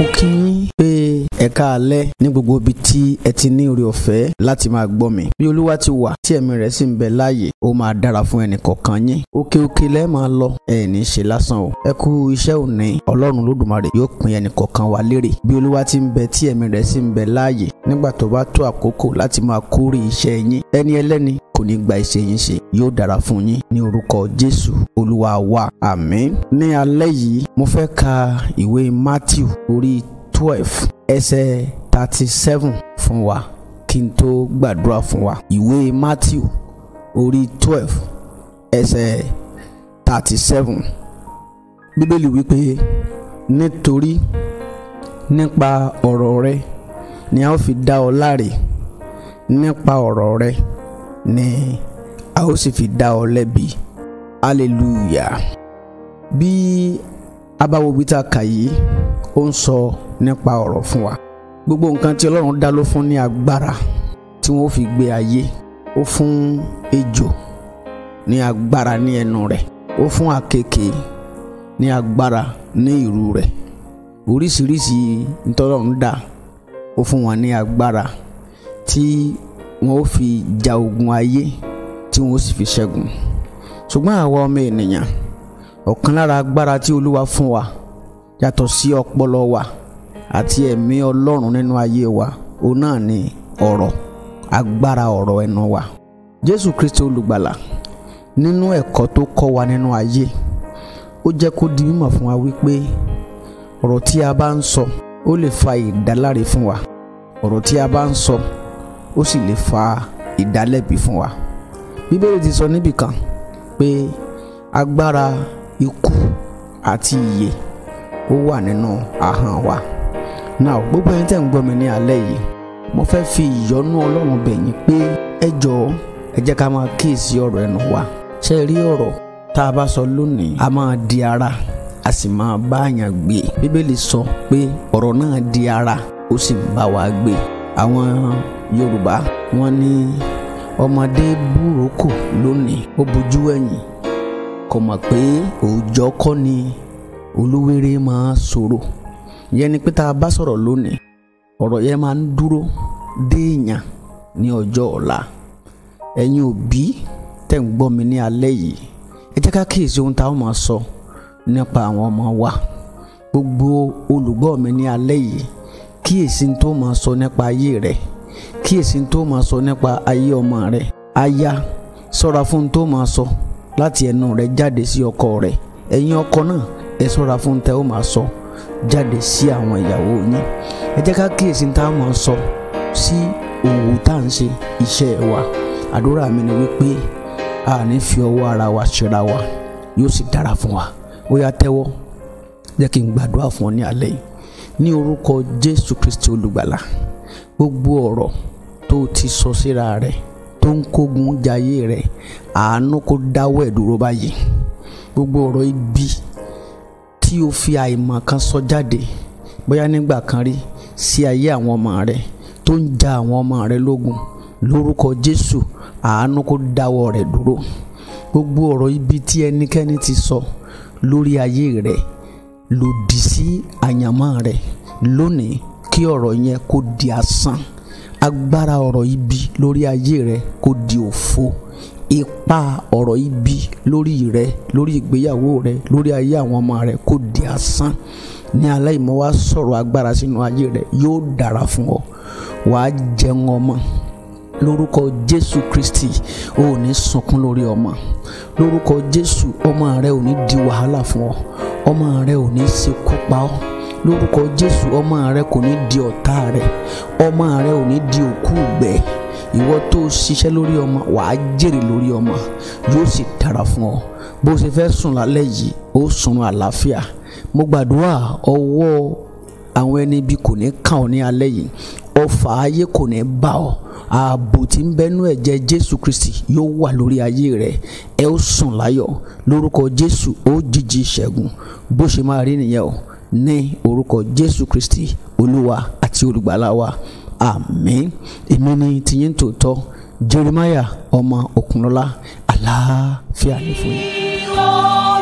o que ẹ káalẹ́ ní gbogbo ibi tí ẹ ti ní oore ọ̀fẹ́ láti máa gbọ́ mi bí olúwa ti wà tí ẹ̀mí rẹ̀ sì ń bẹ láàyè ó máa dára fún ẹnìkọ̀ọ̀kan yín òkè òkè lẹ máa lọ ẹ ní ṣe lásán o ẹ kú iṣẹ́ òní ọlọ́run lódùmarè yóò pín ẹnìkọ̀ọ̀kan wa lérè bí olúwa ti ń bẹ tí ẹ̀mí rẹ̀ sì ń bẹ láàyè nígbà tó bá tó àkókò láti máa kórè iṣẹ́ yín ẹni ẹlẹ́ni kò ní gba iṣẹ́ yín ṣe yóò dára fún yín ní orúkọ jésù olúwa wa àmín ní alẹ́ yìí mo fẹ́ ka ìwé matthew orí twelve ẹsẹ̀ thirty seven fún wa kí n tó gbàdúrà fún wa ìwé Matthew orí twelve ẹsẹ̀ thirty seven bíbélì wípé nítorí nípa ọ̀rọ̀ rẹ ni a ó fi dá ọ láre nípa ọ̀rọ̀ rẹ ni a ó sì fi dá ọ lẹ́bi hallelujah bí abáwo bí ó ń sọ. So, nípa ọ̀rọ̀ fún wa gbogbo nǹkan tí ọlọ́run dá ló fún ní agbára tí wọ́n fi gbé ayé ó fún ejò ní agbára ní ẹnu rẹ̀ ó fún àkekè ní agbára ní ìrù rẹ̀ oríṣiríṣi ntọ́lọ́run dá ó fún wọn ní agbára tí wọn ó fi ja ogun ayé tí wọn sì fi ṣẹ́gun ṣùgbọ́n àwa ọmọ ènìyàn ọ̀kan lára agbára tí olúwa fún wa yàtọ̀ sí ọpọlọ wa àti ẹ̀mí ọlọ́run nínú ayé wa òun náà ni ọ̀rọ̀ agbára ọ̀rọ̀ ẹnu wa jésù kristi olùgbàlà nínú ẹ̀kọ́ tó kọ́ wa nínú ayé ó jẹ́ kó di mímọ̀ fún wa wípé ọ̀rọ̀ tí a bá ń sọ ó lè fa ìdáláre fún wa ọ̀rọ̀ tí a bá ń sọ ó sì lè fa ìdálẹ́bi fún wa bíbélì ti sọ níbìkan pé agbára ikú àti ìyè ó wà nínú ahọ́n wa. No, now gbogbo ẹni tẹ́ ń gbọ́ mi ní alẹ́ yìí mo fẹ́ fi ìyọ́nú ọlọ́run bẹ̀ yín pé ẹ jọ̀ọ́ ẹ jẹ́ ká máa kíyèsí ọ̀rọ̀ ẹnu wa ṣe rí ọ̀rọ̀ tá a bá sọ lónìí a máa di ara a sì máa bá àyàn gbé bíbélì sọ pé ọ̀rọ̀ náà di ara ó sì ń bá wa gbé àwọn yorùbá wọ́n ní ọmọdé búrókò lónìí ó bojú ẹ̀yìn kò mọ̀ pé òòjọ́ kọ́ ni olúwere máa sọ̀rọ̀ yẹn ni pé tá a bá sọ̀rọ̀ lónìí ọ̀rọ̀ yẹn máa ń dúró déèyàn ní ọjọ́ ọ̀la ẹ̀yin òbí tẹ̀ ń gbọ́ mi ní alẹ́ yìí ẹ jẹ́ ká kíyèsí ohun táwọn máa sọ nípa àwọn ọmọ wa gbogbo olùgbọ́ mi ní alẹ́ yìí kíyèsí n tó máa sọ nípa ayé rẹ kíyèsí n tó máa sọ nípa ayé ọmọ rẹ aya ṣọ́ra fún n tó máa sọ láti ẹnu rẹ jáde sí ọkọ rẹ ẹ̀yin ọkọ náà ẹ ṣọ́ra fún n tẹ́ ó máa sọ. So jáde sí àwọn ìyàwó yín ẹ jẹ́ ká kíyèsí tá a máa sọ sí òwò tá à ń ṣe iṣẹ́ wa àdúrà mi ni wípé a ní fi ọwọ́ ara wa ṣera wa yóò sì dára fún wa ó yá tẹ́wọ́ jẹ́ kí n gbàdúrà fún ọ ní alẹ́ yìí ní orúkọ Jésù Kristi olùgbàlà gbogbo ọ̀rọ̀ tó ti sọ síra rẹ̀ tó ń kógun jayé rẹ̀ àánú kó dáwọ́ ẹ̀ báyìí gbogbo ọ̀rọ̀ ibi tí o fi àìmọ̀ kan sọ jáde bóyá nígbà kan rí sí ayé àwọn ọmọ rẹ tó ń ja àwọn ọmọ rẹ lógun lórúkọ Jésù àánú kó dáwọ́ rẹ̀ dúró gbogbo ọ̀rọ̀ ibi tí ẹnikẹ́ni ti sọ lórí ayé rẹ lòdì sí àyànmọ́ rẹ lónìí kí ọ̀rọ̀ yẹn kó di asán agbára ọ̀rọ̀ ibi lórí ayé rẹ kó di òfo. ipa ọ̀rọ̀ ibi lórí rẹ lórí ìgbéyàwó rẹ lórí ayé àwọn ọmọ rẹ kò di asán ní aláìmọ́ wá sọ̀rọ̀ agbára sínú ayé rẹ yóò dára fún ọ Wà á jẹun ọmọ lórúkọ jésù kristi o ní sunkún lórí ọmọ lórúkọ jésù ọmọ rẹ ò ní di wàhálà fún ọ ọmọ rẹ ò ní ṣekú pa ọ lórúkọ jésù ọmọ rẹ kò ní di ọ̀tá rẹ ọmọ rẹ ò ní di òkú gbẹ̀ẹ́ ìwọ tó ṣiṣẹ́ lórí ọmọ wàá jèrè lórí ọmọ yóò sì dára fún ọ bó ṣe fẹ́ sùn lálẹ́ yìí ó sùnrùn àlàáfíà mo gbàdúrà ọwọ́ àwọn ẹni ibi kò ní kàn ọ́ ní alẹ́ yìí ọfà ayé kò ní bá ọ ààbò tí ń bẹnu ẹ̀jẹ̀ jésù kristi yóò wà lórí ayé rẹ ẹ ó sùn láyọ̀ lórúkọ jésù ó jíjí ṣẹ́gun bó ṣe máa rí nìyẹn o ní orúkọ jésù kristi olúwa àti olùgbàlà wa àmín èmi ni tiyín tòótọ́ Jeremiah ọmọ Òkúnlọ́lá àlàáfíà ní fún yín.